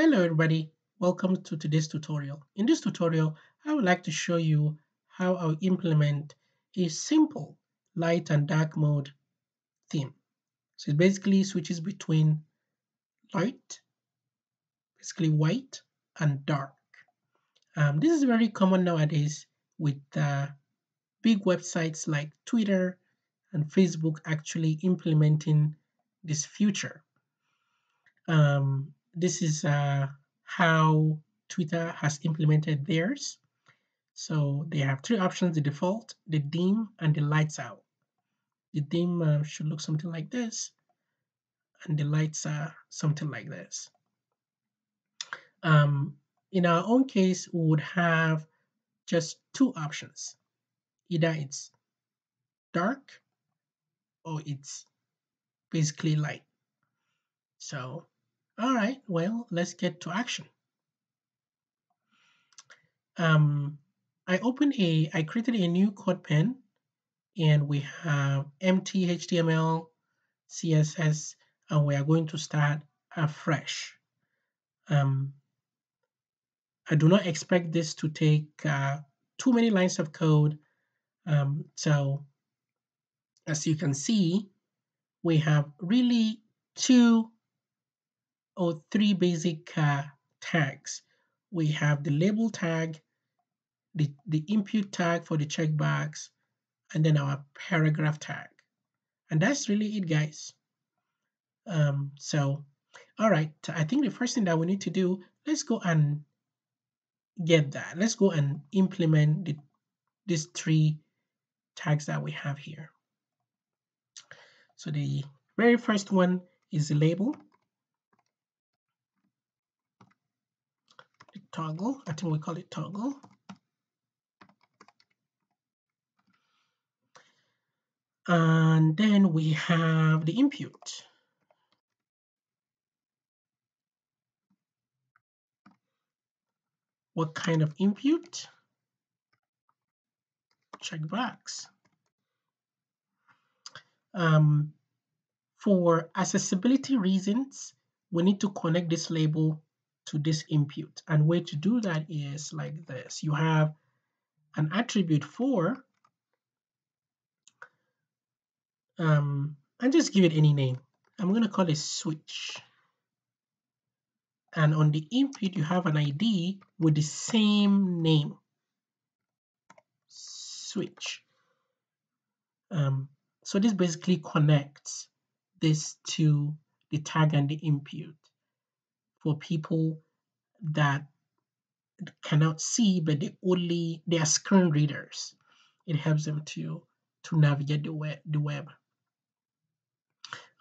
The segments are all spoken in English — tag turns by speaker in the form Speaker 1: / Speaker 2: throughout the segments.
Speaker 1: Hello everybody, welcome to today's tutorial. In this tutorial, I would like to show you how I'll implement a simple light and dark mode theme. So it basically switches between light, basically white, and dark. Um, this is very common nowadays with uh, big websites like Twitter and Facebook actually implementing this feature. Um, this is uh, how Twitter has implemented theirs. So they have three options, the default, the dim, and the lights out. The dim uh, should look something like this, and the lights are something like this. Um, in our own case, we would have just two options. Either it's dark or it's basically light. So all right, well, let's get to action. Um, I open a, I created a new code pen and we have empty HTML, CSS, and we are going to start afresh. Um, I do not expect this to take uh, too many lines of code. Um, so as you can see, we have really two or three basic uh, tags. We have the label tag, the, the input tag for the checkbox, and then our paragraph tag. And that's really it, guys. Um, so, all right, I think the first thing that we need to do, let's go and get that. Let's go and implement the, these three tags that we have here. So the very first one is the label. toggle. I think we call it toggle. And then we have the input. What kind of input? Checkbox. Um, for accessibility reasons, we need to connect this label to this impute. And way to do that is like this. You have an attribute for, um, and just give it any name. I'm going to call it switch. And on the input, you have an ID with the same name, switch. Um, so this basically connects this to the tag and the input for people that cannot see but they only they are screen readers it helps them to to navigate the web, the web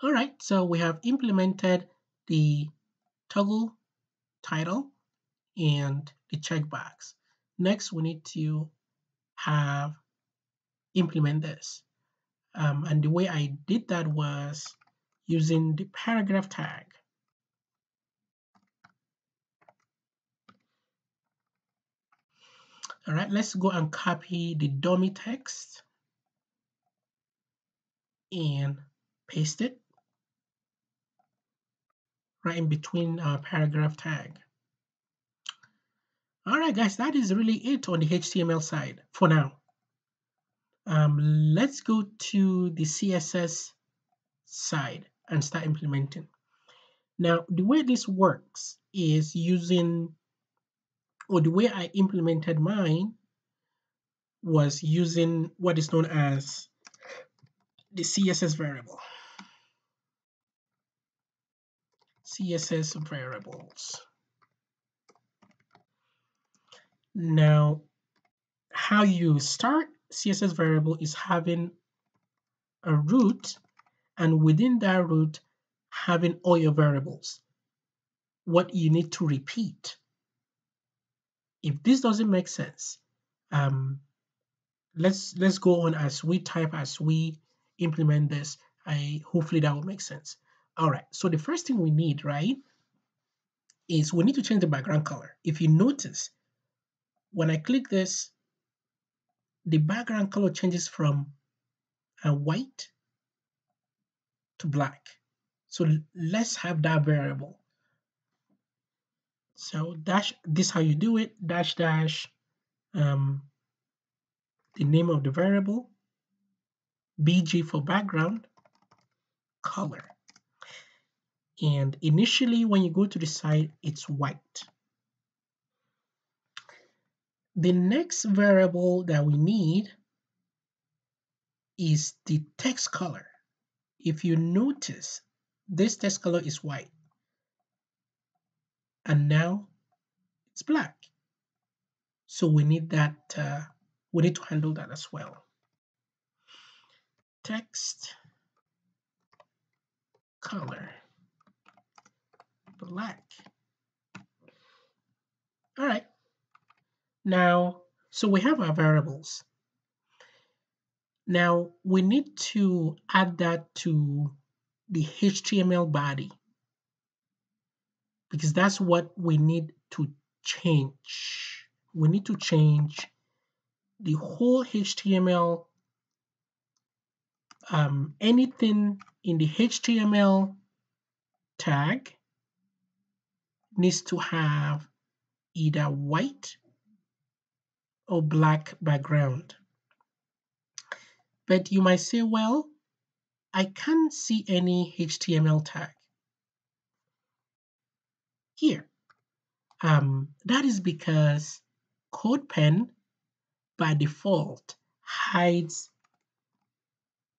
Speaker 1: all right so we have implemented the toggle title and the checkbox next we need to have implement this um, and the way I did that was using the paragraph tag All right, let's go and copy the dummy text and paste it right in between our uh, paragraph tag. All right, guys, that is really it on the HTML side for now. Um, let's go to the CSS side and start implementing. Now, the way this works is using or the way I implemented mine was using what is known as the CSS variable. CSS variables. Now, how you start CSS variable is having a root and within that root having all your variables, what you need to repeat if this doesn't make sense, um, let's let's go on as we type as we implement this. I hopefully that will make sense. All right. So the first thing we need, right, is we need to change the background color. If you notice, when I click this, the background color changes from a white to black. So let's have that variable. So dash, this how you do it, dash dash, um, the name of the variable, bg for background, color. And initially when you go to the site, it's white. The next variable that we need is the text color. If you notice, this text color is white and now it's black. So we need that, uh, we need to handle that as well. Text color black. All right. Now, so we have our variables. Now we need to add that to the HTML body because that's what we need to change. We need to change the whole HTML, um, anything in the HTML tag needs to have either white or black background. But you might say, well, I can't see any HTML tag here. Um, that is because CodePen by default hides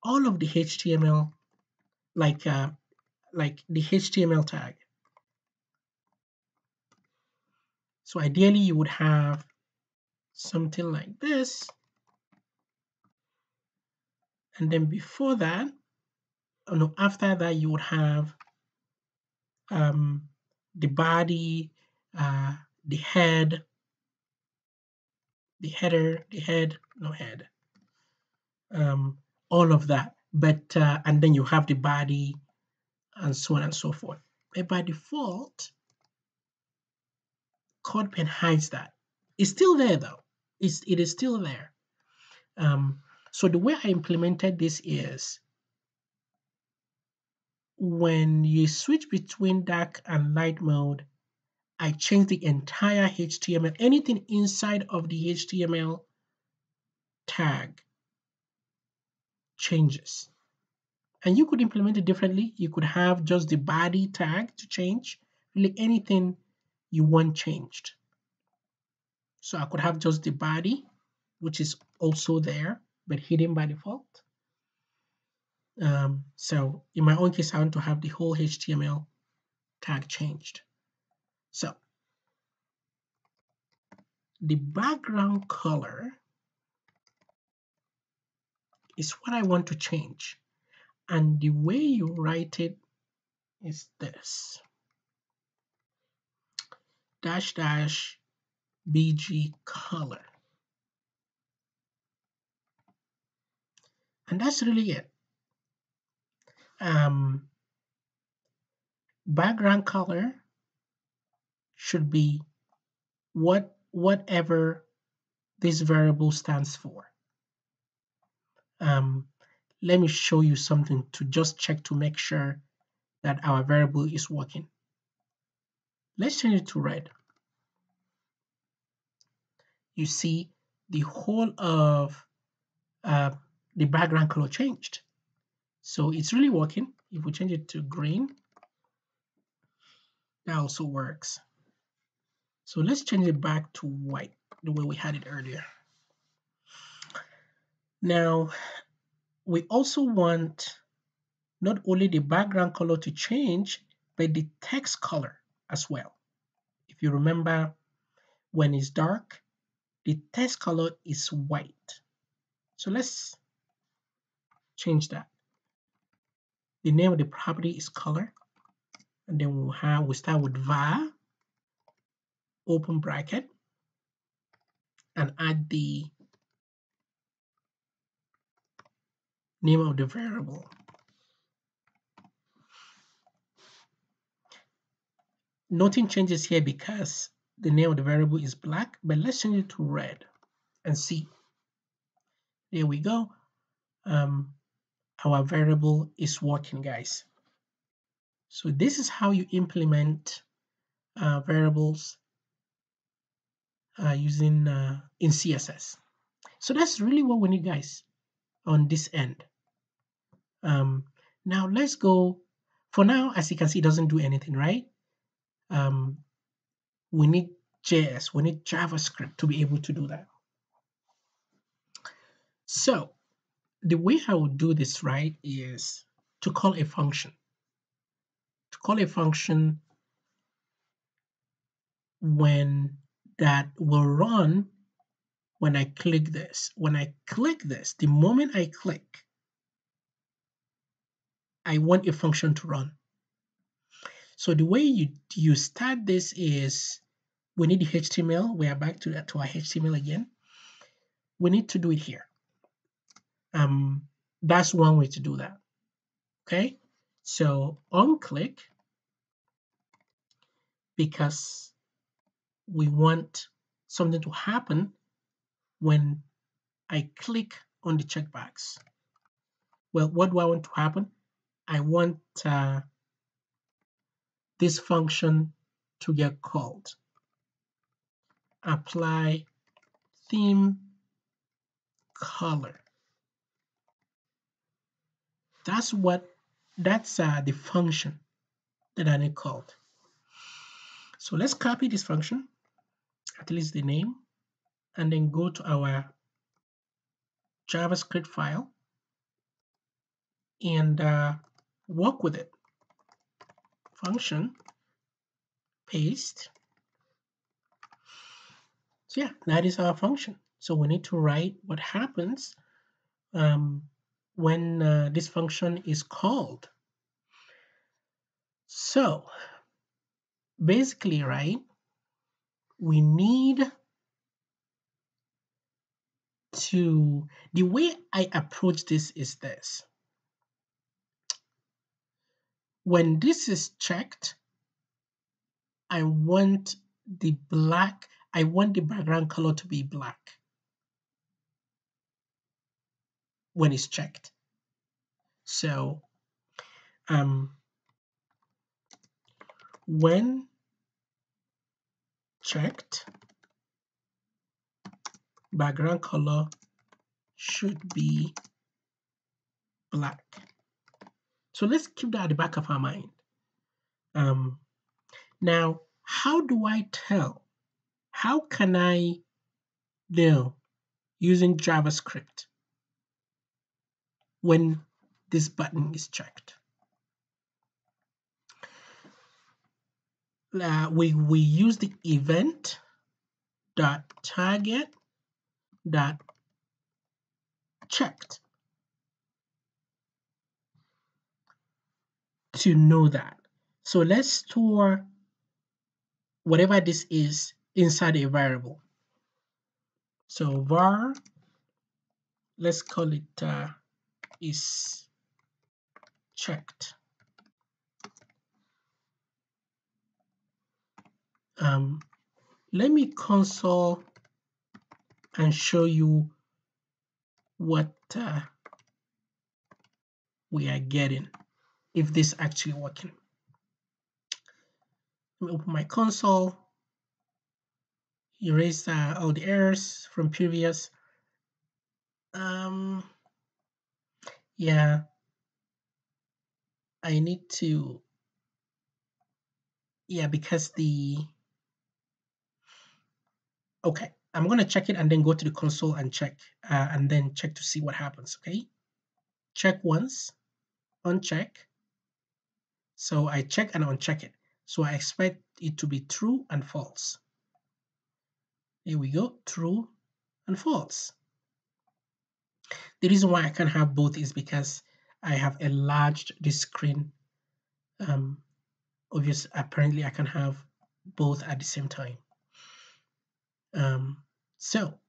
Speaker 1: all of the HTML, like uh, like the HTML tag. So ideally you would have something like this. And then before that, oh no, after that you would have um, the body, uh, the head, the header, the head, no head, um, all of that. But uh, and then you have the body, and so on and so forth. But by default, CodePen hides that. It's still there though. It's it is still there. Um, so the way I implemented this is when you switch between dark and light mode, I change the entire HTML, anything inside of the HTML tag changes. And you could implement it differently. You could have just the body tag to change, really anything you want changed. So I could have just the body, which is also there, but hidden by default. Um, so in my own case, I want to have the whole HTML tag changed. So the background color is what I want to change. And the way you write it is this. Dash dash bg color. And that's really it um, background color should be what whatever this variable stands for. Um, let me show you something to just check to make sure that our variable is working. Let's change it to red. You see the whole of uh, the background color changed. So it's really working. If we change it to green, that also works. So let's change it back to white, the way we had it earlier. Now, we also want not only the background color to change, but the text color as well. If you remember, when it's dark, the text color is white. So let's change that. The name of the property is color. And then we'll have, we start with var, open bracket, and add the name of the variable. Nothing changes here because the name of the variable is black, but let's change it to red and see. There we go. Um, our variable is working guys so this is how you implement uh, variables uh, using uh, in css so that's really what we need guys on this end um, now let's go for now as you can see it doesn't do anything right um, we need js we need javascript to be able to do that so the way I would do this right is to call a function. To call a function when that will run when I click this. When I click this, the moment I click, I want a function to run. So the way you, you start this is we need the HTML. We are back to, to our HTML again. We need to do it here um, that's one way to do that. Okay, so on click because we want something to happen when I click on the checkbox. Well, what do I want to happen? I want uh, this function to get called. Apply theme color. That's what that's uh, the function that I need called. So let's copy this function, at least the name, and then go to our JavaScript file and uh, work with it. Function, paste. So yeah, that is our function. So we need to write what happens um, when uh, this function is called. So basically, right, we need to, the way I approach this is this. When this is checked, I want the black, I want the background color to be black. when it's checked. So um, when checked, background color should be black. So let's keep that at the back of our mind. Um, now, how do I tell? How can I know using JavaScript when this button is checked. Uh, we, we use the event dot target dot checked to know that. So let's store whatever this is inside a variable. So var, let's call it uh, is checked. Um, let me console and show you what uh, we are getting if this actually working. Let me open my console, erase uh, all the errors from previous. Um, yeah, I need to, yeah, because the, okay, I'm going to check it and then go to the console and check, uh, and then check to see what happens, okay? Check once, uncheck. So I check and uncheck it. So I expect it to be true and false. Here we go, true and false. The reason why I can't have both is because I have enlarged the screen. Um, obviously, apparently I can have both at the same time. Um, so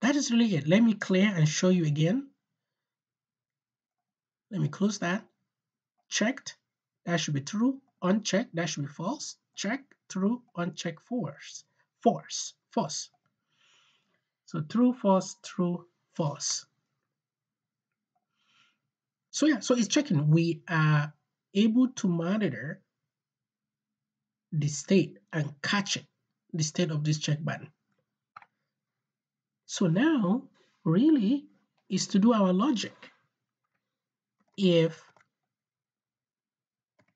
Speaker 1: that is really it. Let me clear and show you again. Let me close that. Checked, that should be true. Unchecked, that should be false. Check, true, uncheck, force, force, false. So true, false, true, false. So yeah, so it's checking. We are able to monitor the state and catch it, the state of this check button. So now, really, is to do our logic. If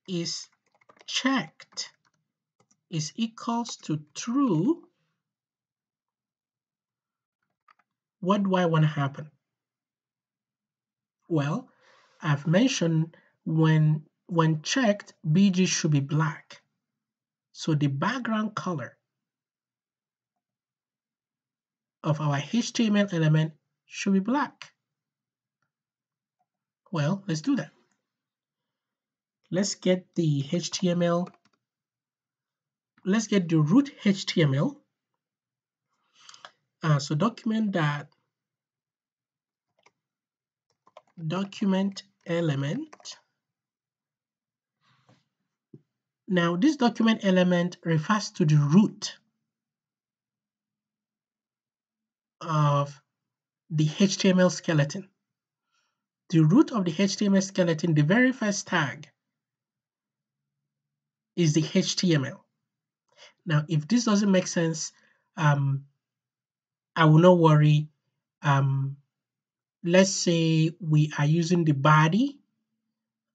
Speaker 1: is checked is equals to true, what do I want to happen? Well, I've mentioned when, when checked, BG should be black. So the background color of our HTML element should be black. Well, let's do that. Let's get the HTML, let's get the root HTML. Uh, so document that document element. Now, this document element refers to the root of the HTML skeleton. The root of the HTML skeleton, the very first tag, is the HTML. Now, if this doesn't make sense, um, I will not worry. Um, let's say we are using the body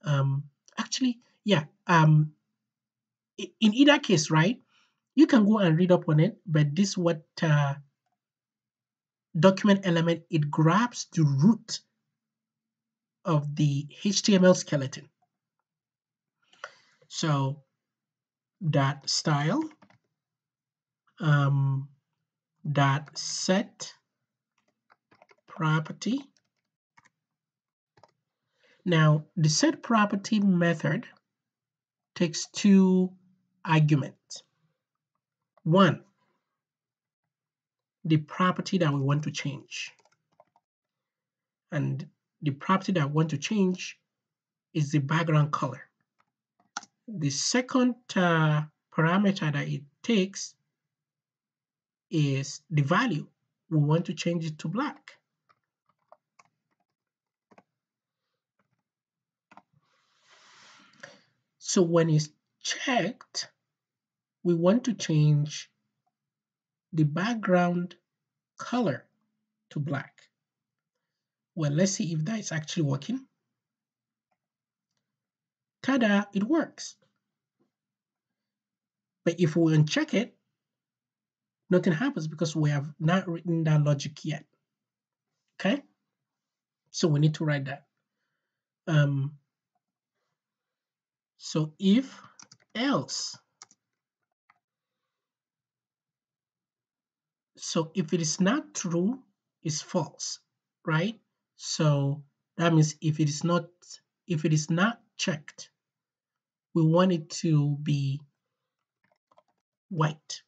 Speaker 1: um actually yeah um in either case right you can go and read up on it but this what uh, document element it grabs the root of the html skeleton so dot style um, dot set property now, the set property method takes two arguments. One, the property that we want to change. And the property that we want to change is the background color. The second uh, parameter that it takes is the value. We want to change it to black. So when it's checked, we want to change the background color to black. Well, let's see if that is actually working. Tada, it works. But if we uncheck it, nothing happens because we have not written that logic yet. Okay? So we need to write that. Um, so if else, so if it is not true, it's false, right? So that means if it is not, if it is not checked, we want it to be white.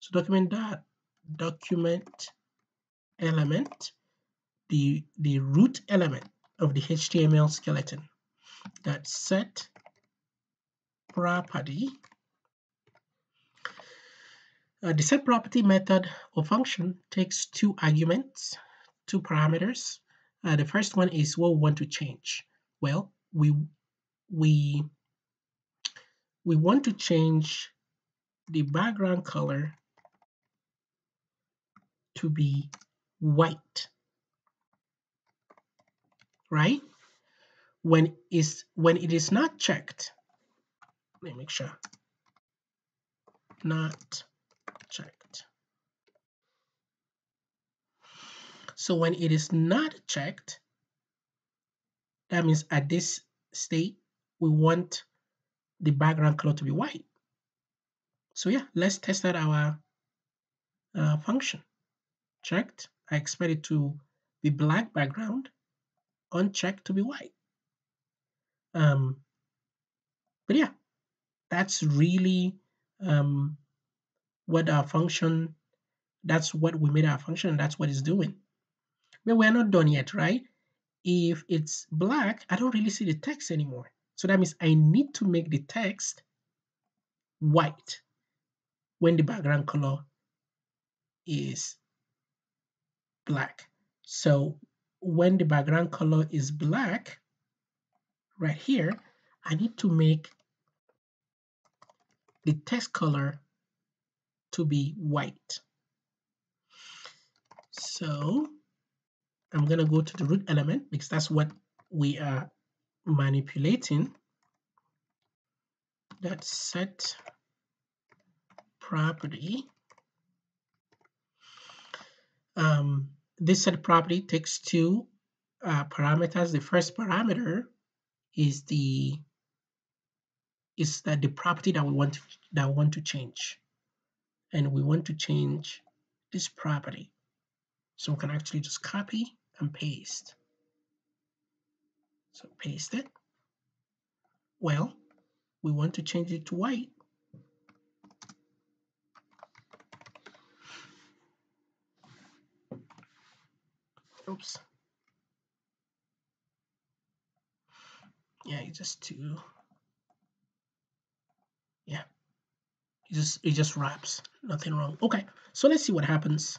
Speaker 1: So document that document element, the, the root element of the HTML skeleton that set property. the set property method or function takes two arguments, two parameters. Uh, the first one is what we want to change. Well, we we we want to change the background color to be white, right? When is when it is not checked, let me make sure. Not checked. So when it is not checked, that means at this state, we want the background color to be white. So yeah, let's test out our uh, function. Checked, I expect it to be black background, unchecked to be white. Um, but yeah, that's really um, what our function that's what we made our function that's what it's doing but we're not done yet right if it's black i don't really see the text anymore so that means i need to make the text white when the background color is black so when the background color is black right here i need to make the text color to be white. So I'm going to go to the root element because that's what we are manipulating. That set property. Um, this set property takes two uh, parameters. The first parameter is the is that the property that we want to, that we want to change. And we want to change this property. So we can actually just copy and paste. So paste it. Well, we want to change it to white. Oops. Yeah, it's just too yeah it just it just wraps nothing wrong okay so let's see what happens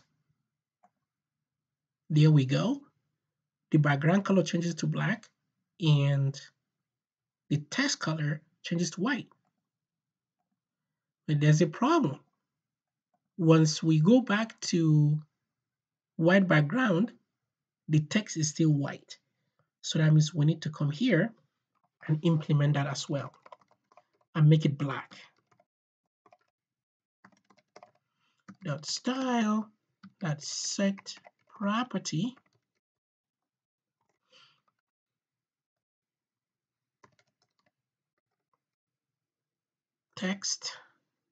Speaker 1: there we go the background color changes to black and the text color changes to white but there's a problem once we go back to white background the text is still white so that means we need to come here and implement that as well and make it black. Dot style dot set property text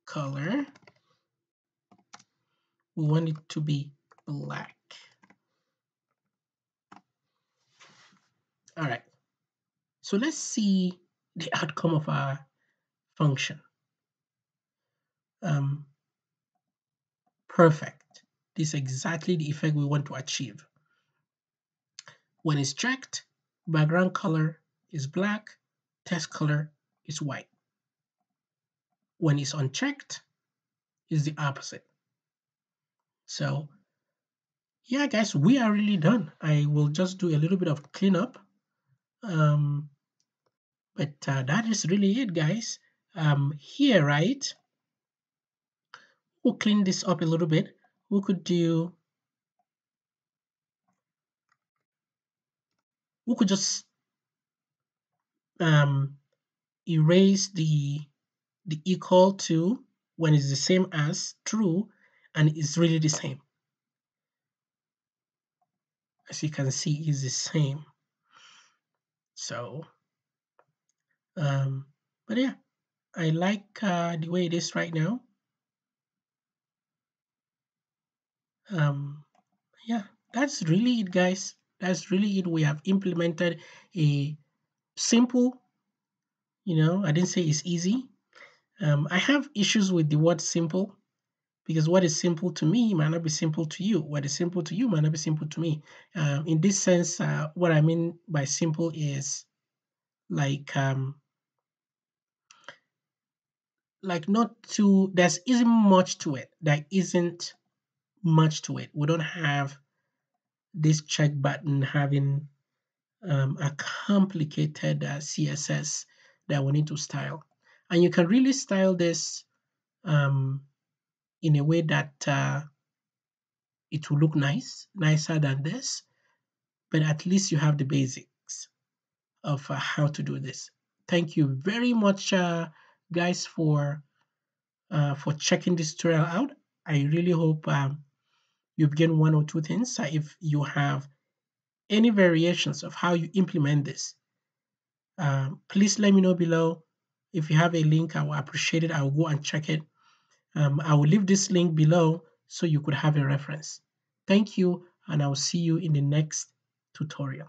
Speaker 1: color we want it to be black all right so let's see the outcome of our function. Um, perfect. This is exactly the effect we want to achieve. When it's checked, background color is black, text color is white. When it's unchecked, is the opposite. So yeah, guys, we are really done. I will just do a little bit of cleanup. Um, but uh, that is really it, guys um, here, right? We'll clean this up a little bit. We could do, we could just um, erase the, the equal to when it's the same as true and it's really the same. As you can see, it's the same. So, um, but yeah. I like uh, the way it is right now. Um, yeah, that's really it, guys. That's really it. We have implemented a simple, you know, I didn't say it's easy. Um, I have issues with the word simple because what is simple to me might not be simple to you. What is simple to you might not be simple to me. Uh, in this sense, uh, what I mean by simple is like um, like not too there's isn't much to it. There isn't much to it. We don't have this check button having um, a complicated uh, CSS that we need to style. And you can really style this um, in a way that uh, it will look nice, nicer than this, but at least you have the basics of uh, how to do this. Thank you very much uh, guys for uh, for checking this tutorial out. I really hope um, you've gained one or two things. So uh, if you have any variations of how you implement this, um, please let me know below. If you have a link, I will appreciate it. I will go and check it. Um, I will leave this link below so you could have a reference. Thank you, and I will see you in the next tutorial.